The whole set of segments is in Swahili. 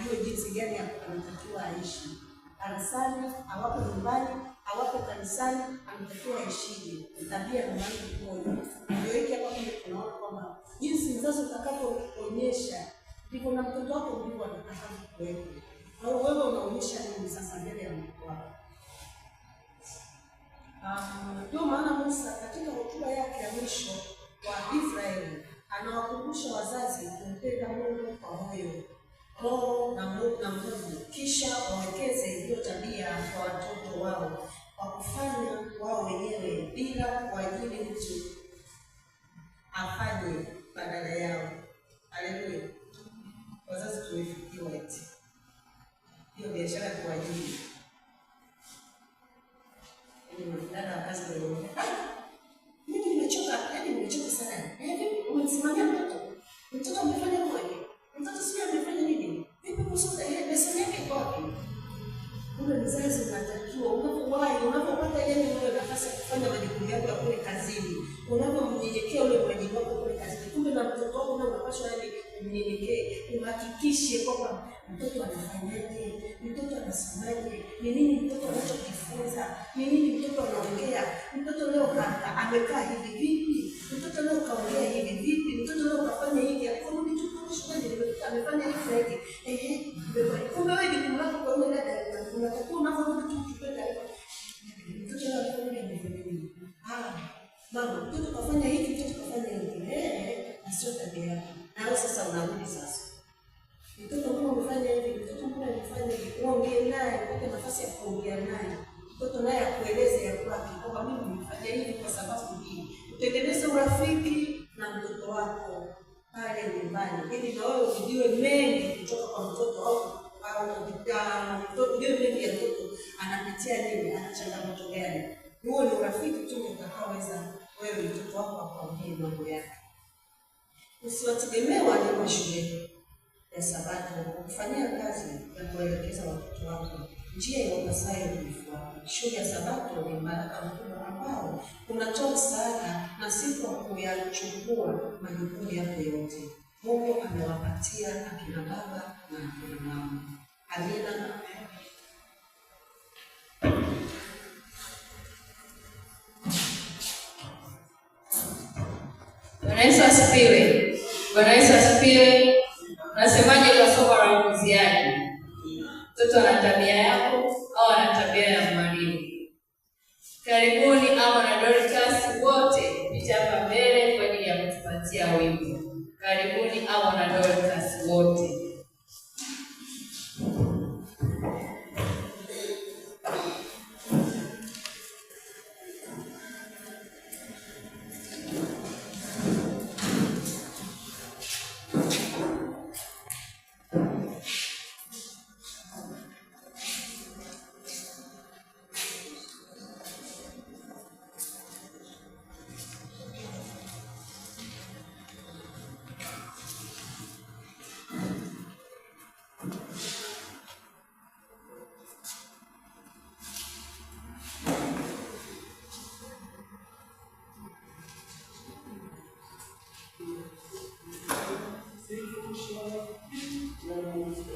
ajue jinsi gani ya anatakiwa aishi. Anasali, awapo nyumbani, awapo kanisani, anatakiwa aishije? Tabia ya mwanadamu ndio hiki hapa. Kile tunaona kwamba jinsi mzazi utakapoonyesha ndipo na mtoto wako ndivyo atakavyokuwa. Au wewe unaonyesha nini sasa mbele ya mtoto wako? Ah, ndio maana Musa katika hotuba yake ya mwisho kwa Israeli anawakumbusha wazazi kumpenda Mungu kwa moyo roho na Mungu na nguvu, kisha waongeze hiyo tabia kwa watoto wao kwa kufanya wao wenyewe bila kuajiri mtu afanye badala yao. mtoto anafanyaje, mtoto anasemaje, ni nini mtoto anachokifunza, ni nini mtoto anaongea. Mtoto leo amekaa hivi vipi, mtoto leo kaongea hivi vipi, mtoto leo kafanya hivi, amefanya hivi na Ehe, kumbe wewe jukumu lako kwa yule dada, unatakiwa unavyorudi tu kuchukua taarifa. Mtoto leo alifanya hivi, ah, mama, mtoto kafanya hivi, mtoto kafanya hivi. Eh, na tabia yako, nawe sasa unarudi sasa mtoto kama umefanya hivi, mtoto kama umefanya hivi, uongee naye, upate nafasi ya kuongea naye, mtoto naye akueleze ya kwake kwamba mimi nimefanya hivi kwa sababu hii. Utengeneze urafiki na mtoto wako pale nyumbani, ili na wewe ujue mengi kutoka kwa mtoto au au mtoto, ujue mengi ya mtoto anapitia nini, ana changamoto gani. Huo ni urafiki tu utakaoweza wewe mtoto wako akuambie mambo yake. Usiwategemee walimu shuleni ya Sabato kufanyia kazi ya kuelekeza watoto wako njia iwapasayo urithi wako. Shule ya Sabato ni mbaraka mkubwa ambao unatoa msaada na si kuyachukua majukumu yako yote. Mungu amewapatia akina baba na akina mama. Amina. Deus.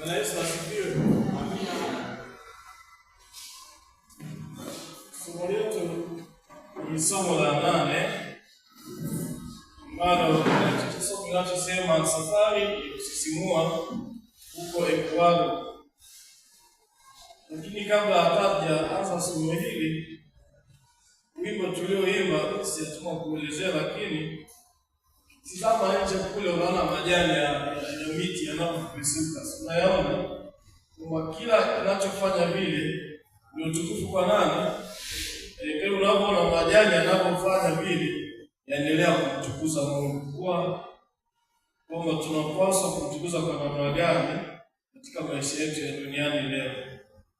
Bwana Yesu asifiwe. Amina. Somo letu ni somo la nane ambalo somo linachosema safari ya kusisimua huko Ekuado. Lakini kabla hatujaanza somo hili, wimbo tulioimba sijatuma kuelezea, lakini Tizama nje kule, unaona majani ya miti yanayopepesuka, unayaona? Kwa kila kinachofanya vile ni utukufu kwa nani? E, unapoona majani yanapofanya vile yaendelea kumtukuza Mungu. Kuwa kwamba tunapaswa kumtukuza kwa namna gani katika maisha yetu ya duniani leo?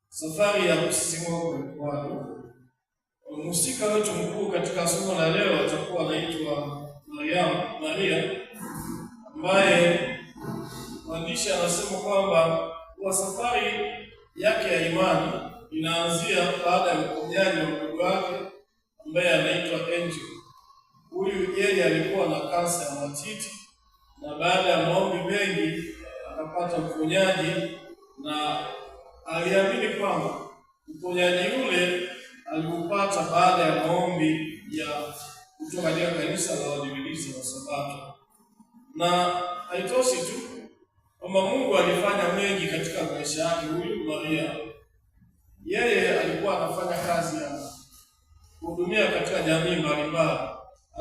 Safari ya kusisimua kwa mkoani, mhusika wetu mkuu katika somo la leo atakuwa anaitwa Mariamu Maria, ambaye mwandishi anasema kwamba kwa safari yake ya imani inaanzia baada ya mponyaji wa mdogo wake ambaye anaitwa Angel. Huyu yeye alikuwa na kansa ya matiti, na baada ya maombi mengi akapata mponyaji, na aliamini kwamba mponyaji yule aliupata baada ya maombi ya kutoka leo kanisa la wadivilizi wa Sabato. Na haitoshi tu kwamba Mungu alifanya mengi katika maisha yake huyu Maria, yeye alikuwa anafanya kazi ya kuhudumia katika jamii mbalimbali,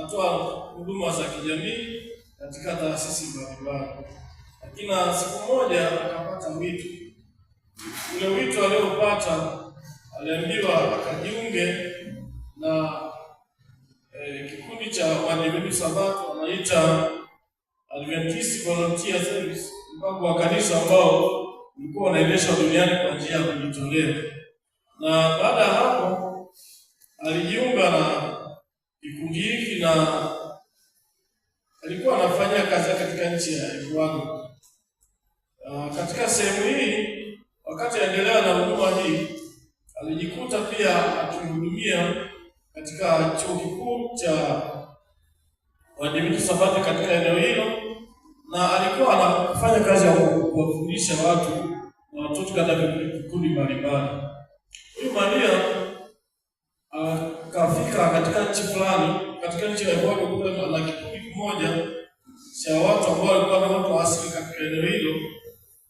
atoa huduma za kijamii katika taasisi mbalimbali, lakini siku moja akapata wito. Ule wito aliopata aliambiwa akajiunge na Eh, kikundi cha Waadventista Sabato wanaita Adventist Volunteer Service, mpango wa kanisa ambao ulikuwa unaendeshwa duniani kwa njia ya kujitolea. Na baada ya hapo alijiunga na kikundi hiki na alikuwa anafanya kazi katika nchi ya Uganda. Uh, katika sehemu hii wakati aendelea na huduma hii alijikuta pia akihudumia katika chuo kikuu cha Wadimiki Sabato katika eneo hilo, na alikuwa anafanya kazi ya kuwafundisha watu na watoto katika vikundi mbalimbali. Huyu Maria ah, akafika katika nchi fulani, katika nchi ya Evodo kule, na kikundi kimoja cha watu ambao walikuwa na watu asili katika eneo hilo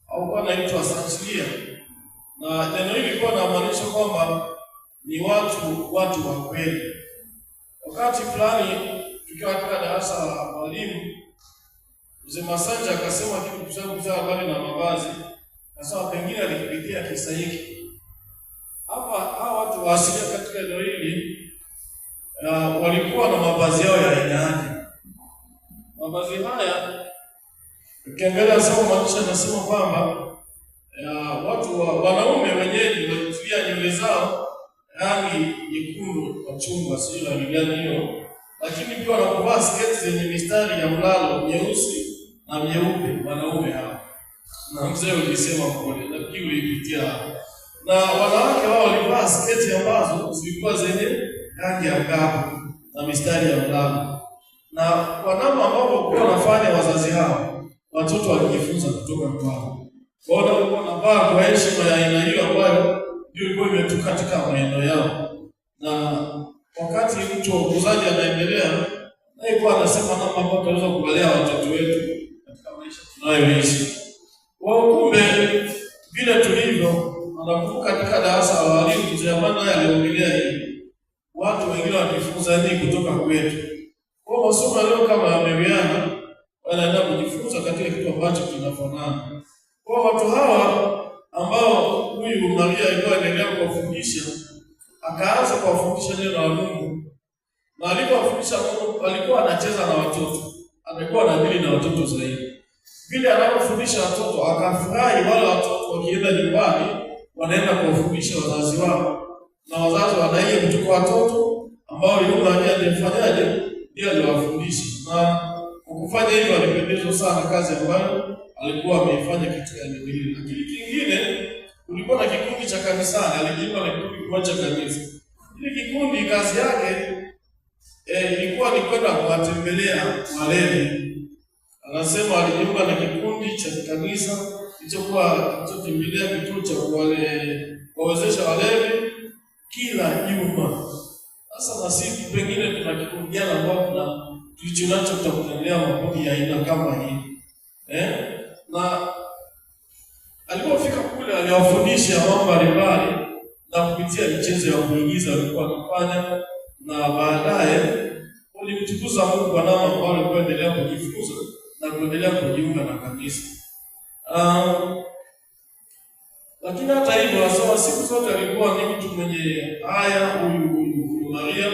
au kwa naitwa Sanchilia, na neno hili lilikuwa namaanisha kwamba ni watu watu wa kweli. Wakati fulani tukiwa katika darasa la walimu, mzee Masanja akasema kitu habari na mavazi, nasema pengine alikipitia kisa hiki hapa. Hawa watu waasilia katika eneo hili uh, walikuwa na mavazi yao ya aina yake. Mavazi haya ukiangalia somo maisha anasema kwamba nyekundu kwa chumba, sijui na migani hiyo, lakini pia wanakuvaa sketi zenye mistari ya mlalo nyeusi na nyeupe, wanaume hao, na mzee ulisema kule, lakini ulipitia hapo. Na wanawake wao walivaa sketi ambazo zilikuwa zenye rangi ya ngavu na mistari ya mlalo, na kwa namna ambao walikuwa wanafanya wazazi hao, watoto wakijifunza kutoka kwao. Kwaona walikuwa wanavaa kwa heshima ya aina hiyo ambayo ndio ilikuwa imetoka katika maeneo yao na wakati mtu wa anaendelea naye kwa anasema kama ambayo tunaweza kuwalea watoto wetu katika maisha tunayoishi. Kwa kumbe vile tulivyo, anakumbuka katika darasa la walimu zamani aliongelea hivi, watu wengine wanajifunza nini kutoka kwetu. Kwa masomo leo kama yameviana, wanaenda kujifunza katika kitu ambacho kinafanana. Kwa watu hawa ambao huyu Maria alikuwa anaendelea kuwafundisha akaanza kuwafundisha neno la Mungu, na alipowafundisha Mungu alikuwa anacheza na watoto, amekuwa na dili na watoto zaidi. Vile anapofundisha watoto, akafurahi. Wale watoto wakienda nyumbani, wanaenda kuwafundisha wazazi wao, na wazazi wanaiye kuchukua watoto ambao yule ndiye alifanyaje, ndiye aliwafundisha, na kufanya hivyo alipendezwa sana kazi ambayo alikuwa ameifanya katika eneo hili. Lakini kingine kulikuwa na kikundi cha kanisani, alijiunga na kikundi kimoja cha kanisa. Ile kikundi kazi yake eh, ilikuwa eh, ni kwenda kuwatembelea walevi. Anasema alijiunga na kikundi cha kanisa kilichokuwa kilichotembelea kituo cha kuwawezesha walevi kila juma. Sasa na sisi pengine tuna kikundi gani ambao tuna tulicho nacho tutakutanilea makundi ya aina kama hii eh? na alipofika Kumbe aliwafundisha mambo mbalimbali na kupitia michezo ya kuigiza alikuwa akifanya, na baadaye ulimtukuza Mungu kwa namna ambayo alikuwa endelea kujifunza na kuendelea kujiunga na kanisa. Um, lakini hata hivyo nasema siku zote alikuwa ni mtu mwenye haya huyu huyu Maria,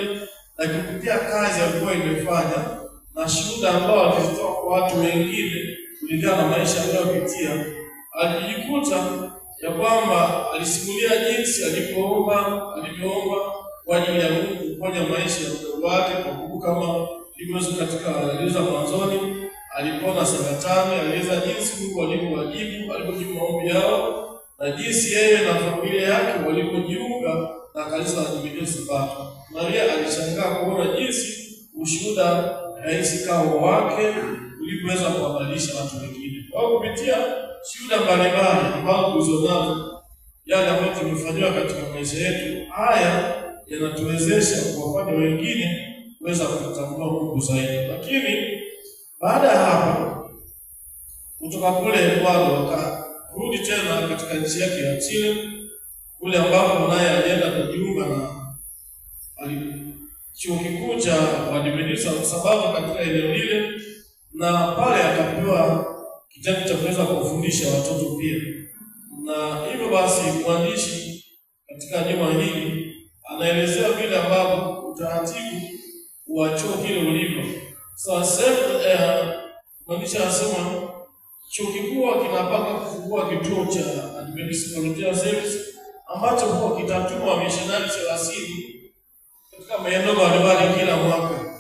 na kupitia kazi alikuwa imefanya na shuhuda ambao alizitoa kwa watu wengine kulingana na maisha aliyopitia alijikuta ya kwamba alisimulia jinsi alipoomba alivyoomba kwa ajili ya Mungu kuponya maisha ya mdogo wake, kwa kubu kama ilivyozo katika aliza mwanzoni, alipona saratani. Alieleza jinsi Mungu alivyowajibu alipojibu maombi yao na jinsi yeye na familia yake walivyojiunga na kanisa la Kiinjili Sabato. Maria alishangaa kuona jinsi ushuhuda rahisi kao wake ulivyoweza kuwabadilisha watu wengine kwa kupitia shida mbalimbali ambazo tulizonazo, yale ambayo tumefanyiwa katika maisha yetu, haya yanatuwezesha kuwafanya wengine kuweza kutambua Mungu zaidi. Lakini baada ya hapo, kutoka kule Egwalo akarudi tena katika nchi yake ya Chile, kule ambapo naye alienda kujiunga na chuo kikuu cha Waadventista kwa sababu katika eneo lile, na pale akapewa kitabu cha kuweza kufundisha watoto pia. Na hivyo basi, mwandishi katika juma hili anaelezea vile ambavyo utaratibu wa chuo kile ulivyo. Sasa eh, mwandishi anasema chuo kikuu kinapanga kufungua kituo cha Adventist Volunteer Service ambacho huwa kitatuma wamisionari thelathini katika maeneo mbalimbali kila mwaka,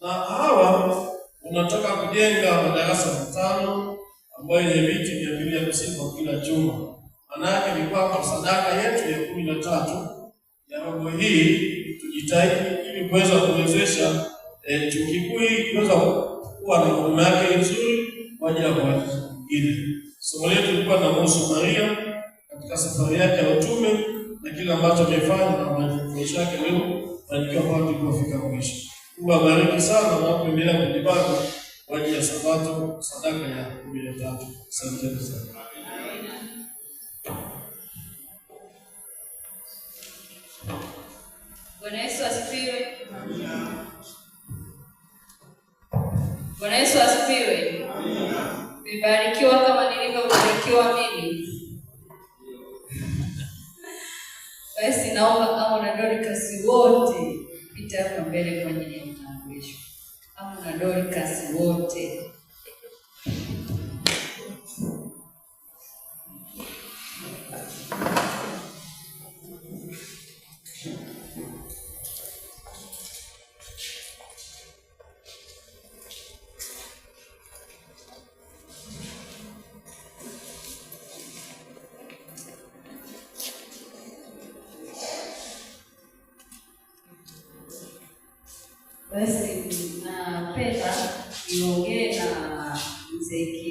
na hawa unataka kujenga madarasa matano ambayo ni viti vya mia hamsini kwa kila juma. Maanake ni kwamba sadaka yetu ya kumi na tatu ya robo hii tujitahidi ili kuweza kuwezesha eh, chuo kikuu kuweza kuwa na huduma yake nzuri kwa ajili ya kuwajizi wengine. Somo letu lilikuwa na Musa Maria katika safari yake ya utume na kile ambacho amefanya na maisha yake leo, na nikiwa tulipofika mwisho. Mungu abariki sana na kuendelea kujibaka kwa ajili ya Sabato, sadaka ya kumi na tatu. Asanteni sana. Bwana Yesu asifiwe. Amina. Bwana Yesu asifiwe. Amina. Nimebarikiwa kama nilivyobarikiwa mimi. Basi naomba kama na Dorcas wote pita hapa mbele kwa ajili ya utambulisho. Paulo na Dorcas wote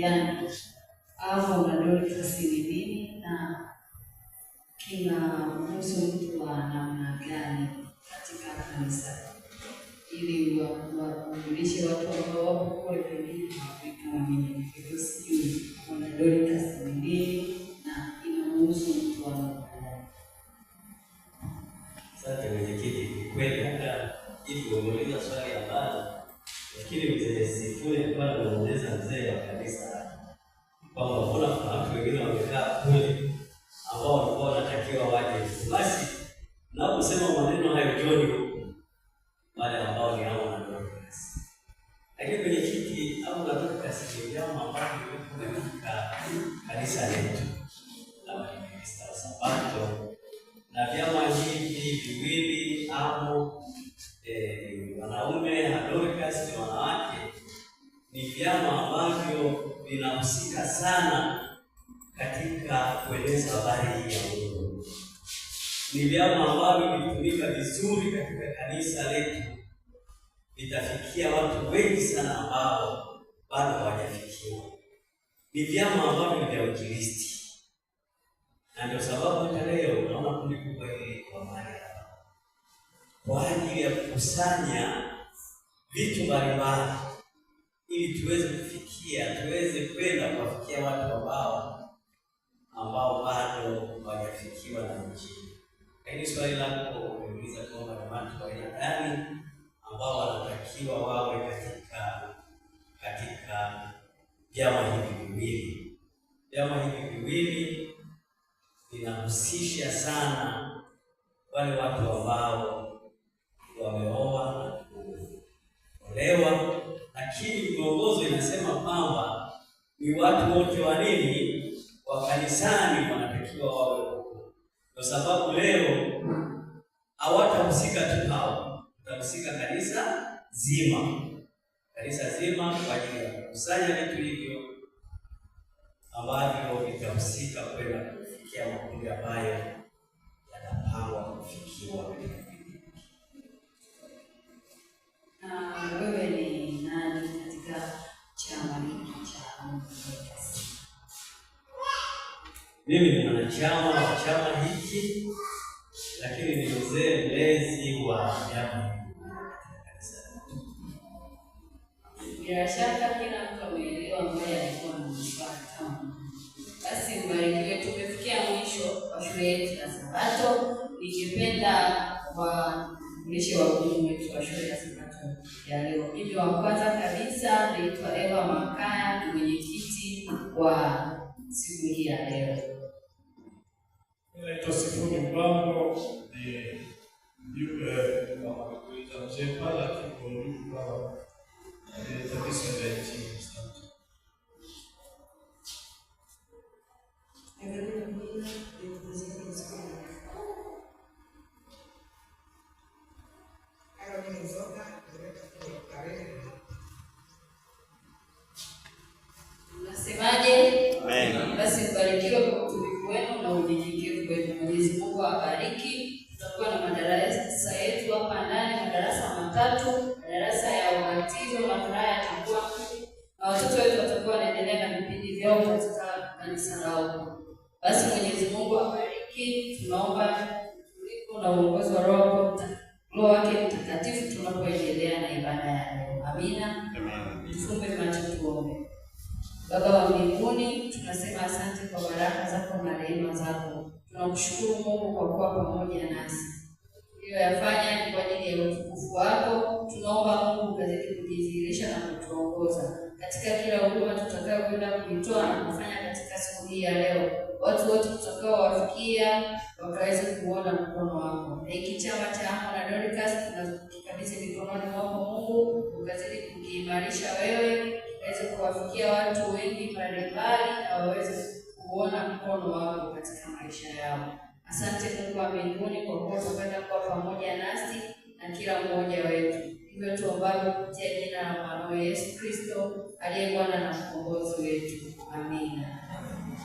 again wanasema maneno hayajoni ni vyama ambavyo vya Ukristo, na ndio sababu hata leo naona kundi kubwa hili kwa mahali hapa kwa ajili ya kukusanya vitu mbalimbali ili tuweze kufikia, tuweze kwenda kuwafikia watu ambao ambao bado hawajafikiwa na Injili. Lakini swali lako umeuliza kwamba ni watu wa aina gani ambao wanatakiwa wawe katika katika vyama hivi viwili. Vyama hivi viwili vinahusisha sana wale watu ambao wameoa na kuolewa, lakini miongozo inasema kwamba ni watu wote wa nini, wa kanisani wanatakiwa wawe huko, kwa sababu leo hawatahusika tu hao, watahusika kanisa zima, kanisa zima kwa ajili ya Kusanya vitu hivyo ambavyo vitahusika kwenda kufikia makundi ambayo yanapangwa kufikiwa katika Wewe ni nani katika chama hiki cha mimi? Ni mwanachama wa chama hiki, lakini ni mzee mlezi wa vyama Bila shaka kila mtu ameelewa ambaye alikuwa anamfuata. Basi mbarikiwe. Eh, tumefikia mwisho wa shule yetu ya Sabato. Ningependa kuwajulisha wahudumu wetu wa shule ya Sabato ya leo. hivyo wa kwanza kabisa naitwa Eva Makaya, ni mwenyekiti wa siku hii ya leo. Naitwa Sifuni Mbango, ni mjumbe eh, eh, wa kuita Mzee Pala Kikolumba It is a disadvantage. na watoto wetu watakuwa wanaendelea na vipindi vyao katika kanisa lao. Basi Mwenyezi Mungu abariki, tunaomba utulivu na na mkono wako. Ikichama chako na Dorcas tunakabidhi mikononi mwako Mungu, ukazidi kukiimarisha wewe, uweze kuwafikia watu wengi mbalimbali na waweze kuona mkono wako katika maisha yao. Asante Mungu wa mbinguni kwa kuwa tumependa kuwa pamoja nasi na kila mmoja wetu. Hivyo tuombapo kupitia jina la Mwanao Yesu Kristo aliye Bwana na mkombozi wetu, amina.